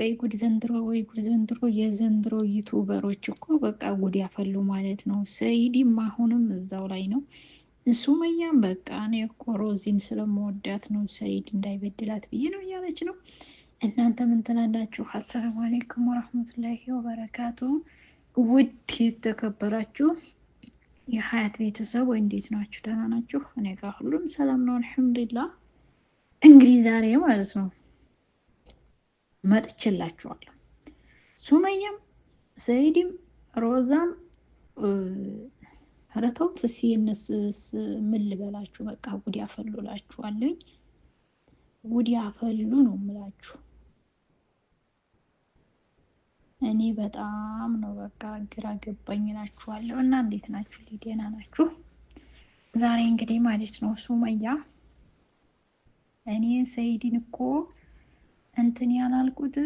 ወይ ጉድ ዘንድሮ ወይ ጉድ ዘንድሮ የዘንድሮ ዩቱበሮች እኮ በቃ ጉድ ያፈሉ ማለት ነው። ሰይድም አሁንም እዛው ላይ ነው። ሱመያም በቃ እኔ እኮ ሮዚን ስለመወዳት ነው ሰይድ እንዳይበድላት ብዬ ነው እያለች ነው። እናንተ ምን ትላላችሁ? አሰላሙ አሌይኩም ወራህመቱላሂ ወበረካቱ። ውድ የተከበራችሁ የሀያት ቤተሰብ ወይ እንዴት ናችሁ? ደህና ናችሁ? እኔ ጋር ሁሉም ሰላም ነው፣ አልሐምዱሊላህ። እንግዲህ ዛሬ ማለት ነው መጥቼላችኋለሁ። ሱመያም ሰይድም ሮዛም ረተው ሲንስስ ምን ልበላችሁ፣ በቃ ጉድ ያፈሉላችኋለኝ። ጉድ ያፈሉ ነው ምላችሁ እኔ በጣም ነው በቃ ግራ ገባኝ እላችኋለሁ። እና እንዴት ናችሁ? ሊደና ናችሁ? ዛሬ እንግዲህ ማለት ነው ሱመያ እኔ ሰይድን እኮ እንትን ያላልኩት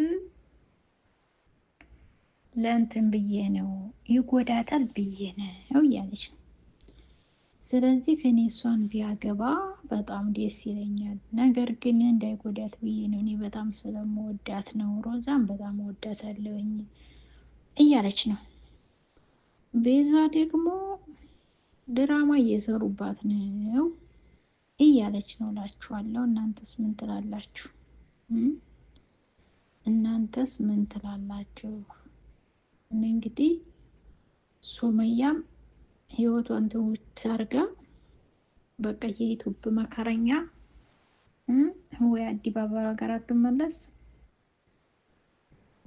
ለእንትን ብዬ ነው ይጎዳታል ብዬ ነው እያለች ነው። ስለዚህ ከኔ እሷን ቢያገባ በጣም ደስ ይለኛል። ነገር ግን እንዳይጎዳት ብዬ ነው። እኔ በጣም ስለመወዳት ነው። ሮዛን በጣም ወዳት አለውኝ እያለች ነው። ቤዛ ደግሞ ድራማ እየሰሩባት ነው እያለች ነው ላችኋለሁ እናንተስ ምን ትላላችሁ? እናንተስ ምን ትላላችሁ? እኔ እንግዲህ ሱመያም ህይወቷን ትውት አርጋ በቃ የዩቱብ መከረኛ ወይ አዲባ በሀገር አትመለስ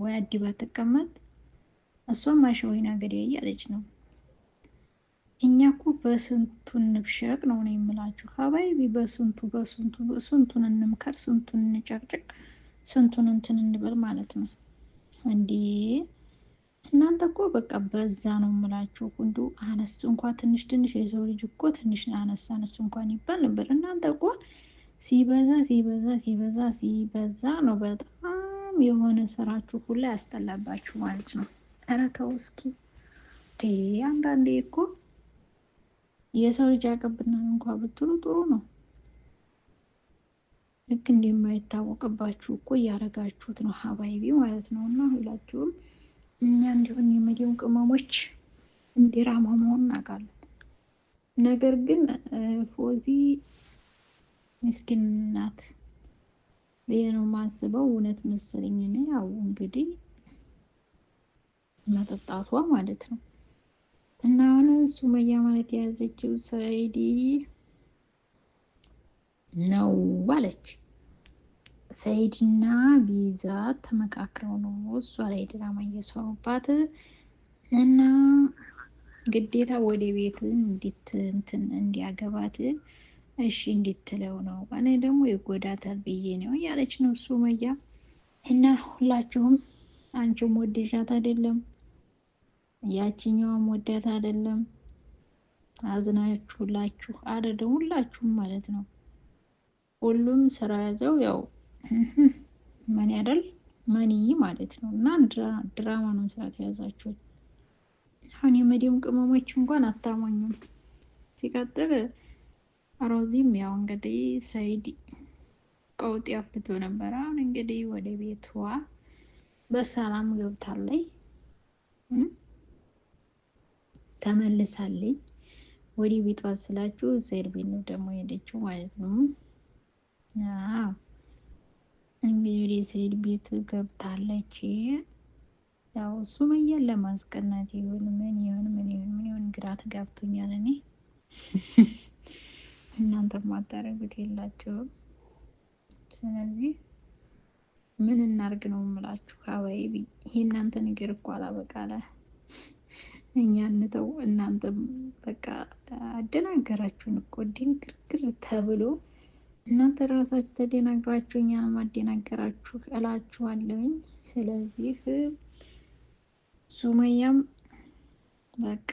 ወይ አዲባ ትቀመጥ። እሷም ወይ ነገር እያለች ነው። እኛ እኮ በስንቱን ንብሸቅ ነው ነው የምላችሁ ሀባይቢ በስንቱ በስንቱ ስንቱን እንምከር ስንቱን እንጨቅጭቅ ስንቱን እንትን እንበል ማለት ነው እንዴ! እናንተ እኮ በቃ በዛ ነው የምላችሁ። እንዱ አነስ እንኳ ትንሽ ትንሽ የሰው ልጅ እኮ ትንሽ አነስ አነስ እንኳን ይባል ነበር። እናንተ እኮ ሲበዛ ሲበዛ ሲበዛ ሲበዛ ነው በጣም የሆነ ስራችሁ ሁላ ያስጠላባችሁ ማለት ነው። ኧረ ተው እስኪ አንዳንዴ እኮ የሰው ልጅ አቀብና እንኳ ብትሉ ጥሩ ነው። ልክ እንደማይታወቅባችሁ እኮ እያደረጋችሁት ነው ሀባይቢ ማለት ነው። እና ሁላችሁም እኛ እንዲሆን የመዲም ቅመሞች እንዲራማ መሆን እናውቃለን። ነገር ግን ፎዚ ምስኪን ናት ብዬ ነው ማስበው። እውነት መሰለኝ እኔ ያው እንግዲህ መጠጣቷ ማለት ነው እና አሁን ሱመያ ማለት የያዘችው ሰይዲ ነው አለች። ሰይድና ቢዛት ተመካክረው ነው እሷ ላይ ድራማ እየሰሩባት እና ግዴታ ወደ ቤት እንትን እንዲያገባት እሺ እንድትለው ነው። እኔ ደግሞ ይጎዳታል ብዬ ነው እያለች ነው ሱመያ እና ሁላችሁም አንቺም ወደሻት አይደለም ያችኛውም ወዳት አይደለም አዝናችሁላችሁ አደለ ሁላችሁም ማለት ነው። ሁሉም ስራ ያዘው። ያው መኒ አይደል መኒ ማለት ነው። እና ድራማ ነው ስራት የያዛችሁት። አሁን የመዲም ቅመሞች እንኳን አታማኙም። ሲቀጥል ሮዚም ያው እንግዲህ ሰይድ ቀውጥ ያፍልቶ ነበረ። አሁን እንግዲህ ወደ ቤቷ በሰላም ገብታለይ ተመልሳለኝ ወደ ቤቷ ስላችሁ ሴርቤን ነው ደግሞ ሄደችው ማለት ነው። እንግዲህ ወደ ቤት ገብታለች። ያው ሱመያን ለማስቀናት ይሁን ምን ይሁን ምን ይሁን ምን ይሁን ግራ ተጋብቶኛል እኔ። እናንተ ማታረጉት የላችሁም። ስለዚህ ምን እናርግ ነው የምላችሁ። አባይ የእናንተ ነገር እኮ አላበቃለ። እኛ እንተው እናንተ በቃ አደናገራችሁን እኮ ድንግርግር ተብሎ እናንተ ራሳችሁ ተደናግራችሁ እኛን ማደናገራችሁ እላችኋለሁኝ። ስለዚህ ሱመያም በቃ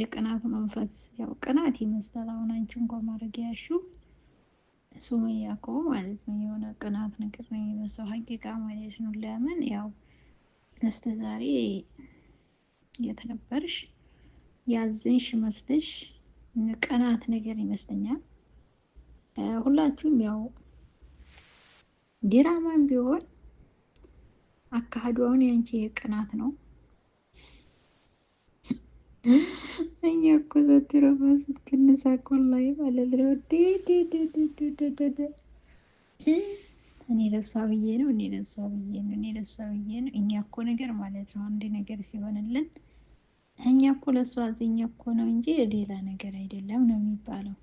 የቅናት መንፈስ ያው ቅናት ይመስላል። አሁን አንቺ እንኳን ማድረግ ያሹ ሱመያ እኮ ማለት ነው የሆነ ቅናት ነገር ነው የሚመስለው ሀቂቃ ማለት ነው። ለምን ያው እስከ ዛሬ የት ያዝንሽ መስልሽ ቅናት ነገር ይመስለኛል። ሁላችሁም ያው ዲራማም ቢሆን አካሄዱ አሁን ያንቺ ቅናት ነው። እኛ እኮ ዘትሮ ስትንሳቅ ላይ ማለት ነው። እኔ ለሷ ብዬ ነው፣ እኔ ለሷ ብዬ ነው፣ እኔ ለሷ ብዬ ነው። እኛ እኮ ነገር ማለት ነው አንድ ነገር ሲሆንልን እኛ እኮ ለሷ እኛ እኮ ነው እንጂ ሌላ ነገር አይደለም ነው የሚባለው።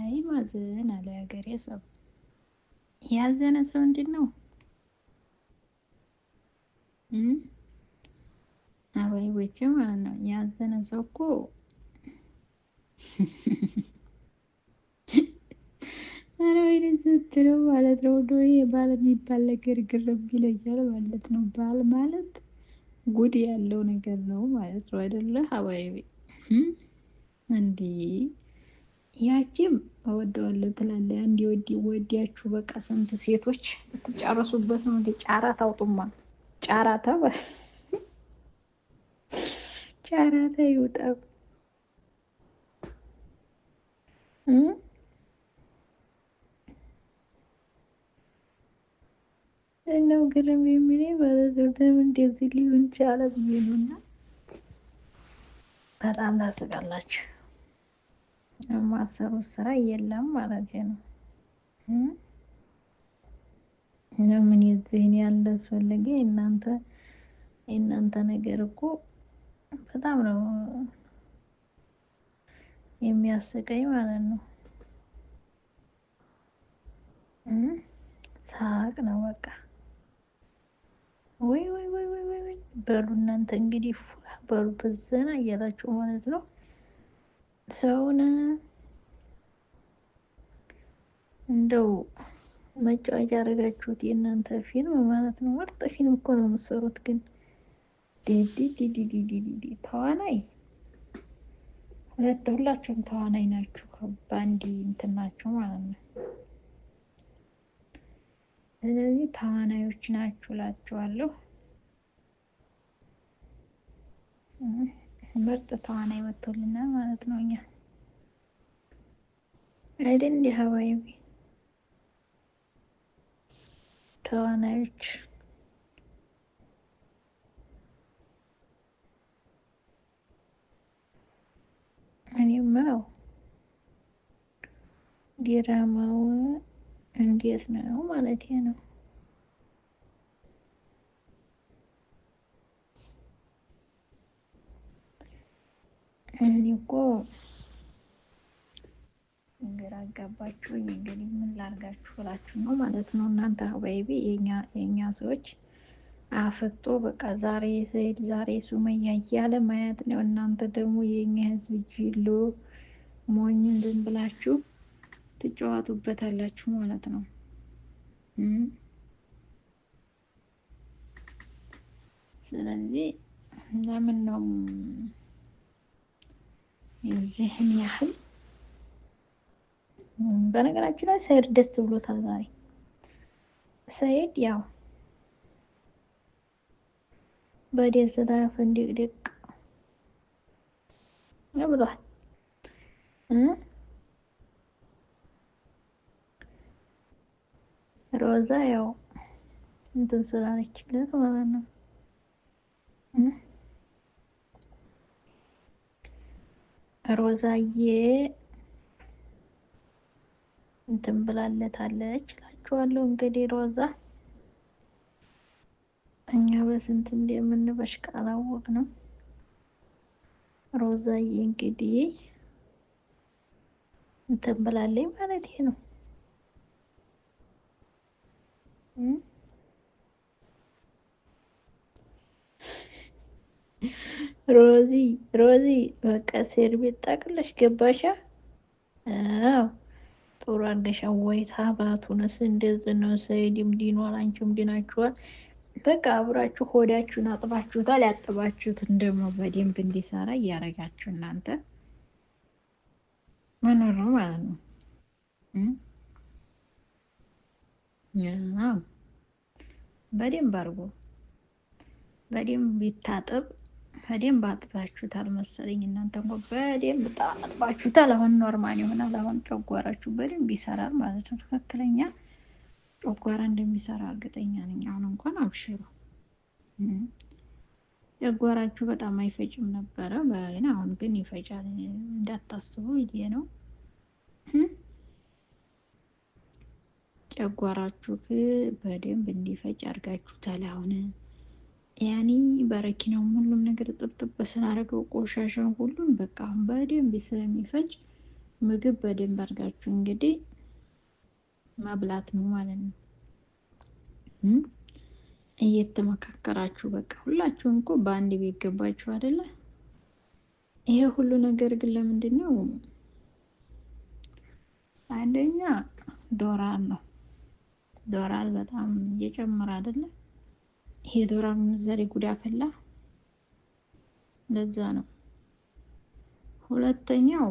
አይ ማዘን አለ ሀገሬ ሰው። ያዘነ ሰው እንዴት ነው? አባይቦቼ ማለት ነው። ያዘነ ሰው እኮ ኧረ ወይኔ ስትለው ማለት ነው ዶ ባል የሚባል ነገር ግርግር ይለያል ማለት ነው። ባል ማለት ጉድ ያለው ነገር ነው ማለት ነው አይደለ? ሀባይቤ እንዴ ያቺም እወደዋለሁ ትላለ አንድ ወዲ ወዲያችሁ በቃ ስንት ሴቶች ብትጨርሱበት ነው እንደ ጫራት አውጡማ። ጫራታ ጫራታ ይውጣ። እነው ግርም የሚል ባለዘብተም እንደዚህ ሊሆን ቻለ ብዬ ነውና በጣም ታስቃላችሁ። ማሰሩ ስራ የለም ማለት ነው። ምን የዚህን ያለ አስፈለገ? እናንተ የእናንተ ነገር እኮ በጣም ነው የሚያስቀኝ ማለት ነው። ሳቅ ነው በቃ። ወይ ወይ ወይ ወይ ወይ በሉ እናንተ እንግዲህ በሉ በዘና እያላችሁ ማለት ነው። ሰውን እንደው መጫወቻ ያደረጋችሁት የእናንተ ፊልም ማለት ነው። ምርጥ ፊልም እኮ ነው የምትሰሩት። ግን ዲዲዲዲዲዲዲ ተዋናይ ሁለት ሁላችሁም ተዋናይ ናችሁ። በአንድ እንትን ናችሁ ማለት ነው። ስለዚህ ተዋናዮች ናችሁ እላችኋለሁ። ምርጥ ተዋናይ መቶልናል ማለት ነው። እኛ አይደል እንዲ ሀዋይ ተዋናዮች እኔ ምለው ዲራማው እንዴት ነው ማለት ነው። እኮ ግራ አጋባችሁ። እንግዲህ ምን ላርጋችሁ ብላችሁ ነው ማለት ነው እናንተ አህባይቤ የእኛ ሰዎች አፈጦ በቃ ዛሬ ሰይድ ዛሬ ሱመያ እያለ ማየት ነው። እናንተ ደግሞ የኛ ህዝብ ጅሎ ሞኝን ዝም ብላችሁ ትጫወቱበታላችሁ ማለት ነው። ስለዚህ ለምን ነው እዚህን ያህል በነገራችን ላይ ሰይድ ደስ ብሎታል ዛሬ። ሰይድ ያው በደስታ ፈንድቅድቅ ብሏል። ሮዛ ያው እንትን ስላለችለት ማለት ነው። ሮዛዬ እንትን ብላለታለች እላችኋለሁ። እንግዲህ ሮዛ እኛ በስንት እንደምንበሽቅ ነው። ሮዛዬ እንግዲህ እንትን ብላለች ማለት ነው። ሮዚ ሮዚ በቃ ሴር ቤት ጠቅለሽ ገባሻ? አዎ ጥሩ አድርገሻ። ወይታ ባቱንስ እንደዚህ ነው። ሰይድም ዲኗል፣ አንቺም ዲናችኋል። በቃ አብራችሁ ሆዳችሁን አጥባችሁታል። ያጥባችሁትን ደግሞ በደንብ እንዲሰራ እያደረጋችሁ እናንተ መኖር ነው ማለት ነው። በደንብ አድርጎ በደንብ ቢታጠብ በደንብ አጥባችሁታል መሰለኝ። እናንተ እንኳ በደንብ በጣም አጥባችሁታል። አሁን ኖርማል ይሆናል። አሁን ጨጓራችሁ በደንብ ይሰራል ማለት ነው። ትክክለኛ ጨጓራ እንደሚሰራ እርግጠኛ ነኝ። አሁን እንኳን አብሽሩ። ጨጓራችሁ በጣም አይፈጭም ነበረ፣ ግን አሁን ግን ይፈጫል። እንዳታስቡ ይሄ ነው ጨጓራችሁ በደንብ እንዲፈጭ አድርጋችሁታል አሁን ያኔ በረኪናውም ሁሉም ነገር ጥብጥብ ስናደርገው ቆሻሻን ሁሉን በቃ አሁን በደንብ ስለሚፈጅ ምግብ በደንብ አድርጋችሁ እንግዲህ መብላት ነው ማለት ነው። እየተመካከራችሁ በቃ ሁላችሁም እኮ በአንድ ቤት ገባችሁ አይደለ? ይሄ ሁሉ ነገር ግን ለምንድን ነው? አንደኛ ዶራል ነው። ዶራል በጣም እየጨመረ አይደለም ይሄ ዶላር ምንዛሬ ጉዳ ፈላ። ለዛ ነው። ሁለተኛው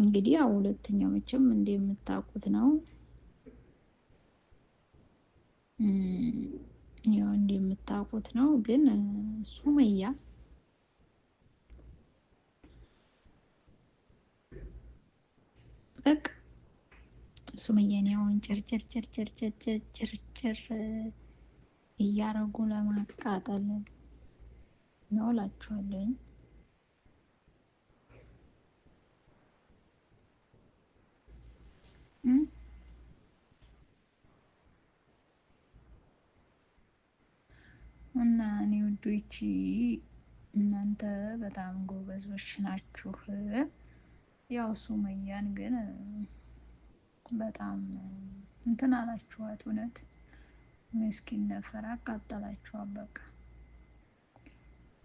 እንግዲህ ያው ሁለተኛው መቼም እንደምታውቁት ነው። ያው እንደምታውቁት ነው። ግን ሱመያ በቃ ሱመያን ያውን ጭርጭርጭርጭርጭርጭር እያረጉ ለማቃጠል ነው እላችኋለኝ። እና እኔ ውዶች እናንተ በጣም ጎበዞች ናችሁ። ያው ሱመያን ግን በጣም እንትን አላችኋት። እውነት ምስኪን ነፈር አቃጠላችኋት። በቃ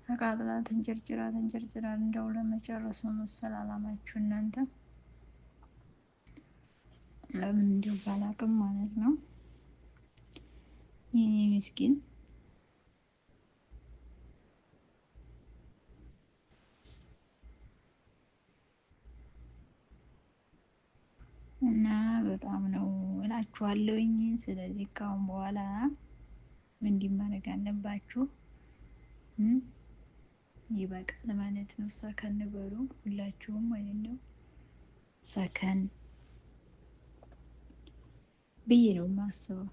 ተቃጥላ ተንጨርጭራ ተንጨርጭራ እንደው ለመጨረስ መሰል አላማችሁ እናንተ ለምን እንዲሁ ባላቅም ማለት ነው። ይህኔ ምስኪን እና በጣም ነው እላችኋለሁኝ። ስለዚህ ካሁን በኋላ እንዲህ ማድረግ አለባችሁ። ይበቃል ማለት ነው። ሰከን በሉ ሁላችሁም ማለት ነው። ሰከን ብዬ ነው የማስበው።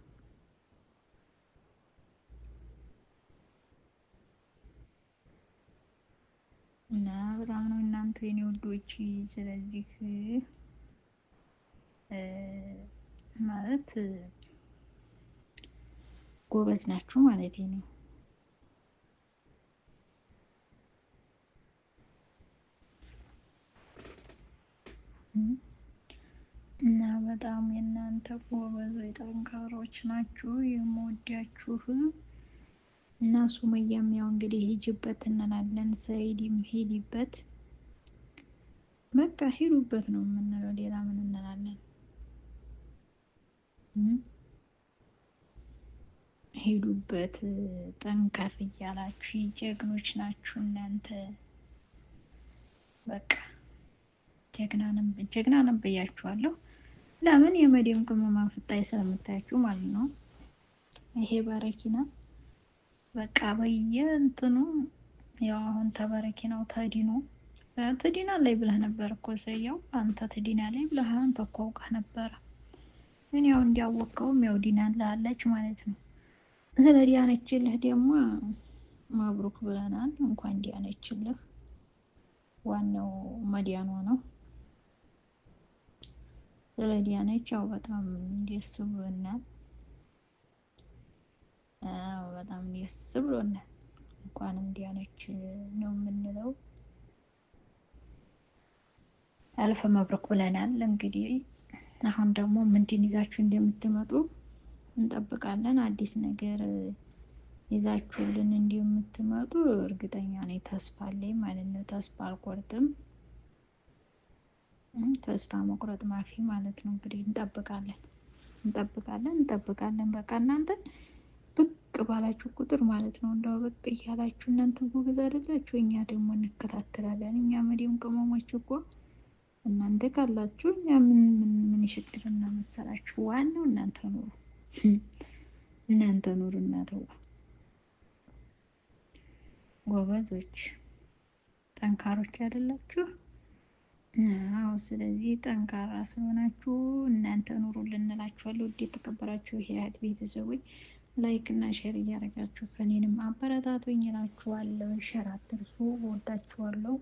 እና በጣም ነው እናንተ የኔ ወዶች ስለዚህ ማለት ጎበዝ ናችሁ ማለት ነው። እና በጣም የእናንተ ጎበዝ የጠንካሮች ናችሁ የምወዳችሁ። እና ሱመያም ያው እንግዲህ ሂጅበት እንላለን። ሰይድም ሂድበት፣ በቃ ሂዱበት ነው የምንለው። ሌላ ምን እንላለን? ሄዱበት። ጠንከር እያላችሁ ጀግኖች ናችሁ እናንተ። በቃ ጀግና ነን ብያችኋለሁ። ለምን የመዲም ቅመማ ፍታይ ስለምታያችሁ ማለት ነው። ይሄ በረኪና በቃ በየ እንትኑ ያው አሁን ተበረኪናው ተዲኖ ትዲና ላይ ብለህ ነበር እኮ ሰያው አንተ ትዲና ላይ ብለህ አንተ እኮ አውቀህ ነበረ ምን ያው እንዲያወቀውም ያው ዲናን ላለች ማለት ነው። ስለ ዲያነችልህ ደግሞ ማብሩክ ብለናል። እንኳን ዲያነችልህ። ዋናው መዲያኗ ነው። ስለ ዲያነች ያው በጣም ደስ ብሎናል። በጣም ደስ ብሎናል። እንኳንም ዲያነች ነው የምንለው። አልፈ መብሩክ ብለናል እንግዲህ አሁን ደግሞ ምንድን ይዛችሁ እንደምትመጡ እንጠብቃለን። አዲስ ነገር ይዛችሁልን እንደምትመጡ እርግጠኛ ነኝ። ተስፋ አለኝ ማለት ነው። ተስፋ አልቆርጥም። ተስፋ መቁረጥ ማፊ ማለት ነው። እንግዲህ እንጠብቃለን እንጠብቃለን እንጠብቃለን። በቃ እናንተ ብቅ ባላችሁ ቁጥር ማለት ነው እንደው ብቅ እያላችሁ እናንተ ጎበዝ አይደላችሁ፣ እኛ ደግሞ እንከታተላለን። እኛ መዲም ቅመሞች እኮ እናንተ ካላችሁ እኛ ምን ምን ምን ሽቅድና መሰላችሁ? ዋናው እናንተ ኑሩ፣ እናንተ ኑሩ። እናተዋ ጎበዞች፣ ጠንካሮች አይደላችሁ? አዎ። ስለዚህ ጠንካራ ስለሆናችሁ እናንተ ኑሩ ልንላችኋለሁ። ውድ የተከበራችሁ የህያት ቤተሰቦች ላይክ እና ሼር እያደረጋችሁ ከኔንም አበረታቱኝ እላችኋለሁ። ሸር አትርሱ። ወዳችኋለሁ።